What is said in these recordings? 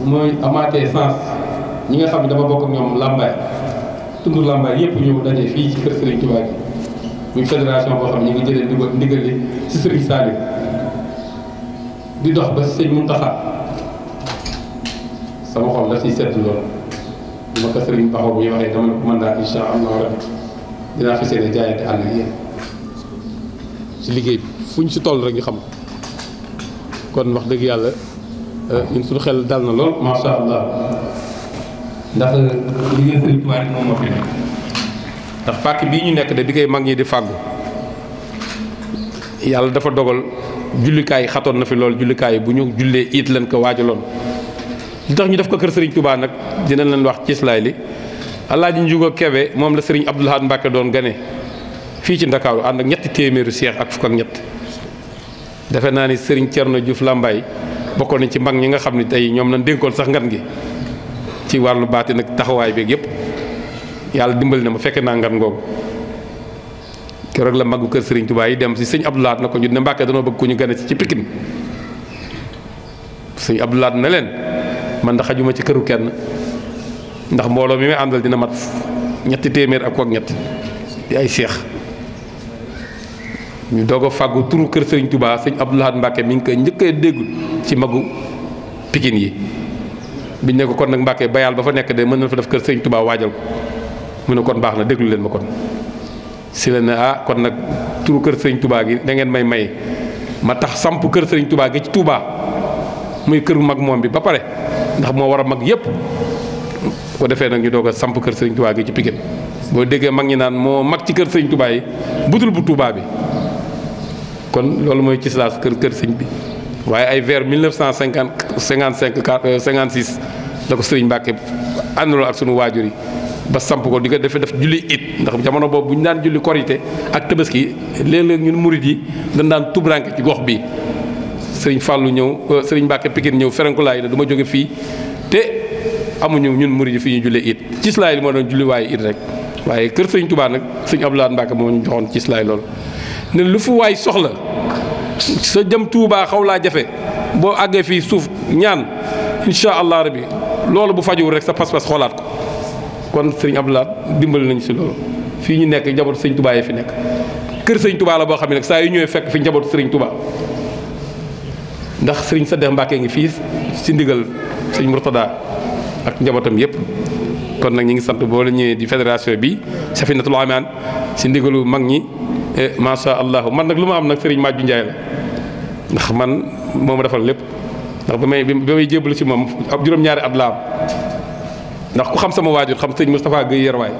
bu mooy amaatee sens ñi nga xam ne dama bokk ak ñoom làmbaay tund làmbaay yëpp ñëw daje fii ci kër Serigne Touba gi muy fédération boo xam ne ñu ngi jëlee ndigal ndigal li si Serigne Saliou di dox ba sëñ taxa sama xom la siy sedd lool bu ma ko Serigne Baxaw waxee dama ne ko mën daal incha allah rabbi dinaa fi seen jaayante ànd ak si liggéey bi fu ñu si toll rek ñu xam kon wax dëgg yàlla. Euh, ñu suñu xel dal na lool macha ndax euh, liggéey bii ñu nekk de bi koy mag ñi di fàggu yàlla dafa dogal jullikaay xatoon na fi lool jullikaay bu ñu jullee it lañ ko waajaloon li tax ñu def ko kër Serigne Touba nag dinañ leen wax ci islaay li Alaaji Njugo Kebe moom la Serigne Abdou Lahad Mbacke doon gane fii ci Ndakaaru ànd ak ñetti téeméeru seex ak fukk ak ñett defe naa ni Serigne Thierno Diouf Lambaye bokkoon nañ ci mag ñi nga xam ni tey ñoom lañ dénkoon sax ngan gi ci wàllu baati nag taxawaay beeg yépp yàlla dimbali na ma fekke naa ngan googu keroog la màggu kër Serigne Touba yi dem si sëñ Abdoulaat na ko ñu ne Mbàkke danoo bëgg ñu gane si ci sëñ Abdoulaat na leen man da xajuma ci këru kenn ndax mbooloo mi may àndal dina mat ñetti téeméer ak kook ñett di ay seex ñu doog a fàggu turu kër Serigne Touba sëñ Abdoulaat Mbàkke mi ngi koy njëkkee déggul ci magu pikin yi biñ ne ko kon nag Mbàkke bayaal ba fa nekk de mën na fa def kër sëñ tubaa waajal ko mu ne kon baax na déglu leen ma kon si la ne ah kon nag turu kër sëñ tubaa gi dangeen may may ma tax samp kër sëñ tubaa gi ci Tuubaa muy kër bu mag moom bi ba pare ndax moo war a mag yépp ko defee nag ñu doog a samp kër sëñ gi ci Pikine boo déggee mag ñi naan moo mag ci kër sëñ Tuubaa yi budul bu tubaa bi kon loolu mooy ci silaas kër kër sëñ bi waaye ay vers 1950 55 56 la ko Serigne Mbacke àndaloo ak suñu waajur yi ba samp ko di ko def def julli it ndax jamono boobu bu ñu daan julli korité ak tabaski léeg-léeg ñun murit yi dañ daan tubranke ci gox bi Serigne Fallou ñëw euh, Serigne Mbacke Pikine ñëw ferenkulaay la du ma jóge fii te amuñu ñun murit yi fi ñu jullee it cislaay li moo doon julli waaye it rek waaye kër Serigne Touba nag Serigne Abdoulaye Mbacke moo ñu joxoon cislaay loolu ne lu fu waay soxla sa jëm Touba xaw laa jafe boo àggee fii suuf ñaan incha allah rabbi loolu bu fajuwul rek sa pas-pas xoolaat ko kon sëñ Abdoulaye dimbali nañ si loolu fii ñu nekk njabootu sëñ Touba yi fi nekk. kër sëñ Touba la boo xam ne nag saa yi ñëwee fekk fi njaboot sëriñ Touba ndax sëriñ Saddex Mbàkke ngi fii si ndigal sëñ Murtada ak njabootam yëpp. kon nag ñu ngi sant boo la ñëwee di fédération bi Safinatul Amaan si ndigalu mag ñi. Eh, macha allah man nag lu ma am nag Serigne majju Ndiaye la ndax man moo ma defal lépp ndax ba may bi may jébbalu si moom ab juróom-ñaari at la am ndax ku xam sama waajur xam sëñ Moustapha Guèye Yerwaay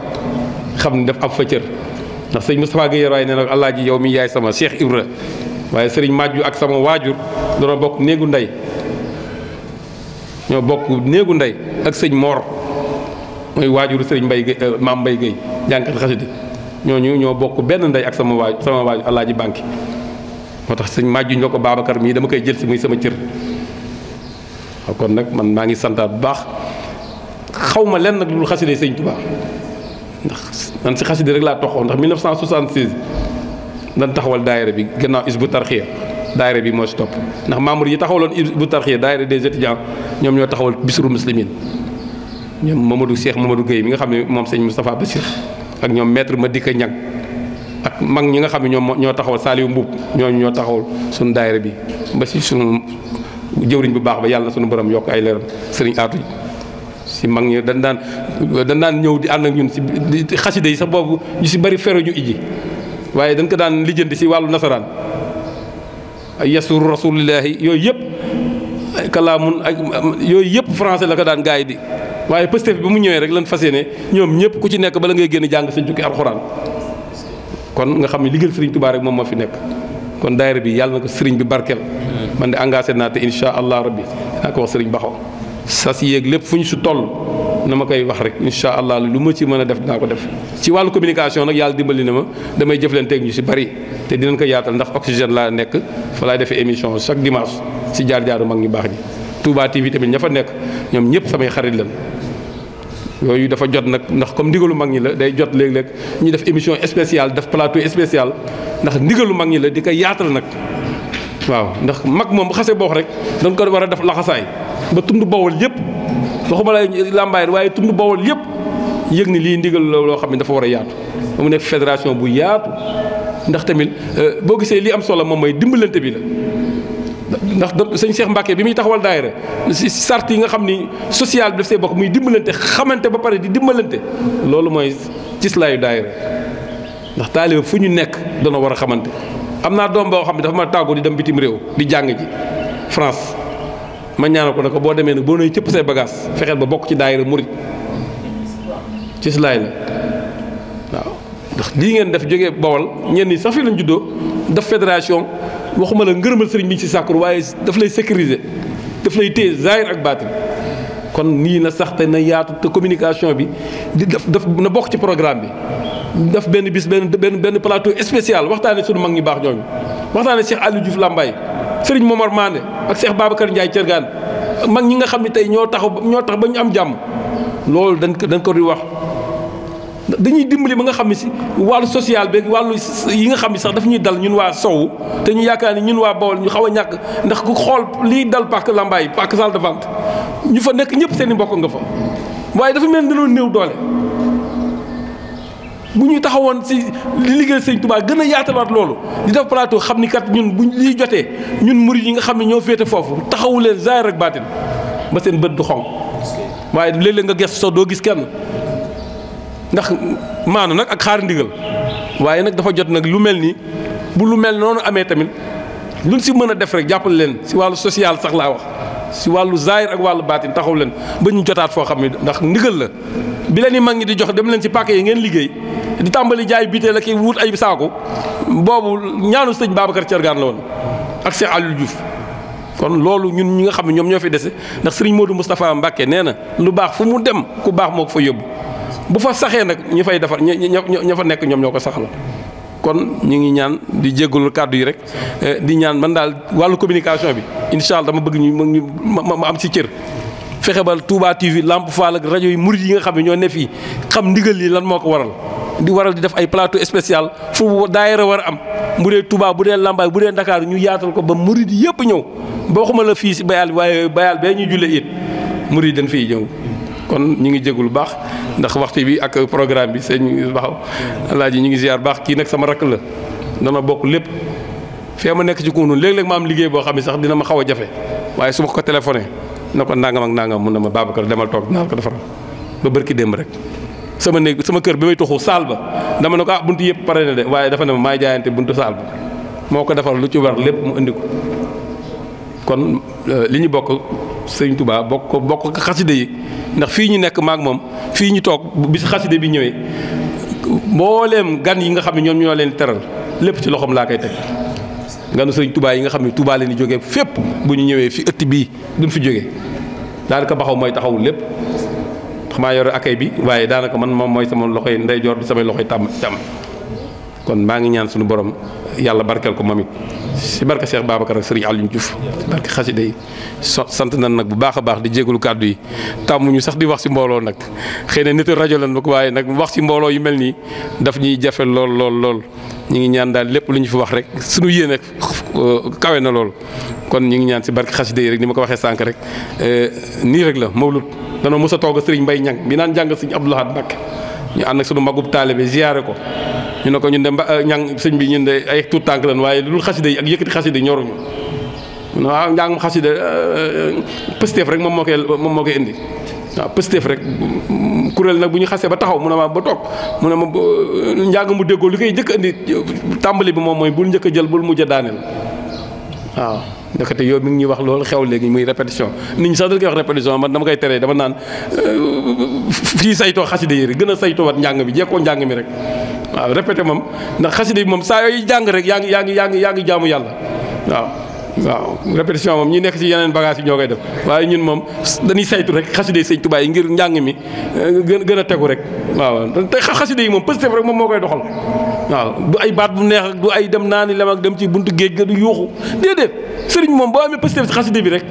xam ne daf ab fa ndax sëñ Moustapha Guèye Yerwaay nee na allah ji yow mi yaay sama Cheikh Ibra waaye Serigne Madiou ak sama waajur doona bokk néegu ndey ñoo bokk néegu ndey ak sëñ Mor mooy waajuru Serigne Mbaye Guèye euh, maam Mbaye Guèye jànkat xasida ñoo ñooñu ñoo bokk benn ndey ak sama waaj sama waaj alaaji banque moo tax sëñ maaj ñu ko Babacar mii dama koy jël si muy sama cër waaw kon nag man maa ngi santaat bu baax xaw ma lenn nag lu xaside sëñ Tuubaa ndax man si xaside rek laa toxoo ndax 1976 dañ taxawal daayira bi gannaaw isbu tarxiya daayira bi moo si topp ndax membre yi taxawaloon isbu tarxiya daayira des étudiants ñoom ñoo taxawal bisru muslimin ñoom Mamadou Cheikh Mamadou Gueye mi nga xam ne moom sëñ Moustapha Bassir ak ñoom maître Madické Niang ak mag ñi nga xam ne ñoom ñoo taxawal Saliou Mbuub ñooñu ñoo taxawul suñu daayira bi ba si suñu jëwriñ bu baax ba yàlla na suñu borom yokk ay leeram sëriñ aatu si mag ñi dañ daan dañ daan ñëw di ànd ak ñun si xasida yi sa boobu ñu si bari bëri fero ñu iji waaye dañ ko daan lijjanti si wàllu nasaraan ay yasur yooyu yëpp kalaamun ak yooyu yëpp français la ko daan gaay di waaye Pastef bi mu ñëwee rek lan fas yéene ñoom ñëpp ku ci nekk bala ngay génn jàng sa jukki alxuraan kon nga xam ne liggéeyal Serigne Touba rek moom moo fi nekk kon daayira bi yàlla na ko Serigne bi barkeel. man de engagé naa incha allah rabbi dinaa ko wax Baxaw sas yéeg lépp fu ñu su toll na ma koy wax rek incha allah lu ma ci mën a def dinaa ko def ci wàllu communication nag yàlla dimbali na ma damay jëflanteeg ñu si bari te dinañ ko yaatal ndax oxygène laa nekk fa laay defee émission chaque dimanche si jaar jaaru mag ñu baax ñi. Touba TV tamit ña fa nekk ñoom ñëpp samay xarit lan yooyu dafa jot nag ndax comme ndigalu mag ñi la day jot léeg-léeg ñu def émission spéciale def plateau spécial ndax ndigalu mag ñi la di ko yaatal nag waaw ndax mag moom bu xasee boox rek dañ war a def laxasaay ba tund bawol yëpp waxuma la làmbaay waaye tund bawol yëpp yëg ni lii ndigal la loo xam ne dafa war a yaatu mu nekk fédération bu yaatu ndax tamit euh, boo gisee lii am solo moom mooy dimbalante bi la ndax dëpp sëñ Cheikh Mbacke bi muy taxawal daayira si sart yi nga xam ni social bi daf see bokk muy dimbalante xamante ba pare di dimbalante loolu mooy cislaayu daayira ndax taaliba fu ñu nekk dana war a xamante am naa doom boo xam ne dafa ma tàggu di dem bitim réew di jàng ji France ma ñaanal ko ne ko boo demee nag boo nooy cëpp say bagage fexeel ba bokk ci daayira murit cislaay la ndax lii ngeen def jógee Bawol ñenn ñi sax fi lañ juddoo def fédération waxuma la ngërëmal sëriñ bi ci sàkkur waaye daf lay sécuriser daf lay téye zahir ak baatin kon nii na sax te na yaatu te communication bi di daf daf na bokk ci programme bi daf benn bis benn benn benn plateau spécial waxtaane sunu mag ñu baax ñooñu waxtaane Cheikh Aliou Diouf Lambaye Serigne Momar Mané ak Cheikh Babacar Ndiaye Thiergane mag ñi nga xam ne tey ñoo tax ñoo tax ba ñu am jàmm loolu dañ dañ ko di wax dañuy dimbali ba nga xam ne si wàllu social beeg wàllu yi nga xam ne sax daf ñuy dal ñun waa sow te ñu yaakaar ni ñun waa Bawol ñu xaw a ñàkk ndax ku xool liy dal parc Lambaye parc salle de vente ñu fa nekk ñëpp seen i mbokk nga fa waaye dafa mel ni dañoo néew doole. bu ñu taxawoon si li liggéey sëñ Touba gën a yaatalaat loolu di def plateau xam ni kat ñun bu liy jotee ñun murid yi nga xam ne ñoo féete foofu taxawu leen zaahir ak baatin ba seen bët du xonq waaye léeg nga gëstu sax doo gis kenn. ndax maanu nag ak xaar ndigal waaye nag dafa jot nag lu mel nii bu lu mel noonu amee tamit luñ si mën a def rek jàppale leen si wàllu social sax laa wax si wàllu zaahir ak wàllu baatin taxaw leen ba ñu jotaat foo xam ne ndax ndigal la bi leen i mag ñi di jox dem leen si pàkk yi ngeen liggéey di tàmbali jaay bitee la ki wut ay saako boobu ñaanu sëñ Babacar Thiergane la woon ak Cheikh Aliou Diouf kon loolu ñun ñi nga xam ne ñoom ñoo fi dese ndax sëriñ Modou Moustapha Mbacke nee na lu baax fu mu dem ku baax moo ko fa bu fa saxee nag ñi fay defar ñi ña fa nekk ñoom ñoo ko saxal kon ñu ngi ñaan di jégalu kàddu yi rek eh, di ñaan man daal wàllu communication bi incha allah dama bëgg ñu ma ma am ci cër. fexe ba Touba TV Lamp Fall rajo yi murid yi nga xam ne ñoo ne fii xam ndigal yi lan moo ko waral di waral di def ay plateau spécial fu daayira war a am mu dee tubaab bu dee Lambaay bu dee ndakaar ñu yaatal ko ba murid yëpp ñëw boo xuma la fii si bayal waaye bayal bee ñuy jullee it murid dañ fiy ñëw kon ñu ngi jégalu baax. ndax waxtu bi ak programme bi sëñ baxaw alaaji ñu ngi ziar baax kii nag sama rakk la dana bokk lépp fee ma nekk ci kunun léeg-léeg ma am liggéey boo xam ne sax dina ma xaw a jafe waaye su ma ko téléphoné na ko nangam ak nangam mun na ma Babacar demal toog dinaa ko defaral ba bërki démb rek sama néeg sama kër bi may toxu saal ba dama ne ko ah buntu yëpp pare na de waaye dafa ne ma maay jaayante buntu saal ba moo ko defar lu ci war lépp mu indi ko kon euh, li ñu bokk sëñ tubaa bokk ko bokk xaside yi ndax fii ñu nekk maak moom fii ñu toog bis xaside bi ñëwee mbooleem gan yi nga xam ne ñoom ñoo leen teral lépp ci loxoom laa koy teg ganu sëñ Touba yi nga xam ne Touba leen jóge jógee fépp bu ñu ñëwee fi ëtt bii duñ fi jóge jógee daanaka baxaw mooy taxawul lépp xamaa yore akay bi waaye daanaka man moom mooy sama loxoy ndeyjoor di samay loxoy tàmm tàmm kon maa ngi ñaan suñu borom yàlla barkeel ko moom it si barke Cheikh Babacar ak sëriñ Aliou Diouf si barke xasida yi sant nag bu baax a baax di jégalu kàddu yi tàmmuñu sax di wax si mbooloo nag xëy na nitu rajo la ba ko waaye nag wax si mbooloo yu mel nii daf ñuy jafe lool lool lool ñu ngi ñaan daal lépp lu ñu fi wax rek suñu yéene euh, kawe na lool kon ñu ngi ñaan si barke xasida yi rek ni ma ko waxee sànq rek euh, nii la mawlud danoo mos a a sëriñ Mbay Ñang bi naan jàng sëriñ Abdou Lahad magub taalibe ziyaare ko ñu ne ko ñun de mba euh, ñang sëñ bi ñun de ay tuut tànk lan waaye lu xasida yi ak yëkkati xasida yi ñoruñu mu ne waaw njàngum xasida euh, euh, moom moo koy indi waaw rek kuréel nag bu ñu xasee ba taxaw mu ne ba toog mu ne ma njàng mu déggoo li koy jëkk indi tàmbali bi moom mooy bul njëkk jël bul mujj a daaneel waaw ndekete yow mi ngi ñuy wax loolu xew léegi muy répétition nit ñi sax dañ koy wax répétition man dama koy teree dama naan fii saytoo xasida yi gën a saytoo wat njàng mi jekkoo njàng mi rek waaw répété moom ndax xasida bi moom saa yooyu jàng rek yaa ngi yaa ngi yaa ngi yaa jaamu yàlla waaw waaw répétition moom ñi nekk ci yeneen bagage yi ñoo koy def waaye ñun moom dañuy saytu rek xasida yi sëñ Tuubaa ngir njàng mi eh, gën gën a tegu rek waaw te xasida yi moom positif rek moom moo koy doxal waaw du ay baat bu neex ak du ay dem naa ni lem ak dem ci buntu géej ga du yuuxu déedéet sëriñ moom boo amee positif ci xasida bi rek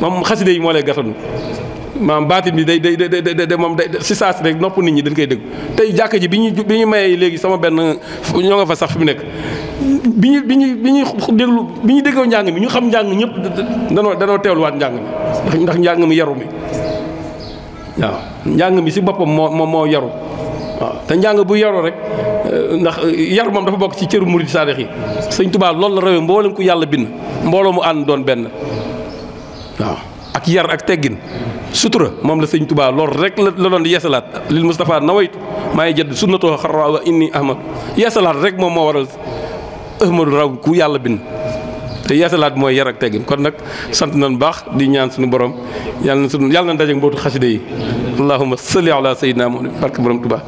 moom xasida yi moo lay gàttanu maam baatin bi day day day day moom day si saa si rek nopp nit ñi dañ koy dégg tey jàkka ji bi ñu bi ñu mayee léegi sama benn ñoo nga fa sax fi mu nekk bi ñu bi ñu bi ñuy déglu bi ñu déggoo njàng mi ñu xam njàng ñëpp danoo danoo teewluwaat njàng mi ndax njàng mi yaru mi waaw njàng mi si boppam moo moo moo yaru waaw te njàng bu yaru rek eh, ndax yar moom dafa bokk ci cëru murid saadix yi sëñ Tuubaa loolu la rawee mboolem ku yàlla bind mbooloo mu ànd doon benn waaw ak yar ak teggin sutura moom la sëñ tubaa loolu rek la la doon yeesalaat lil Moustapha nawaytu maa ngi jënd sunnatoo xarala wa inni ahmad yeesalaat rek moom moo waral ahmadu raw ku yàlla bind. te yeesalaat mooy yar ak teggin kon nag sant nañu baax di ñaan suñu borom yàlla na yàlla na daje ak mbootu xasida yi allahumma salli ala sayyidina Muhammad barke borom Touba.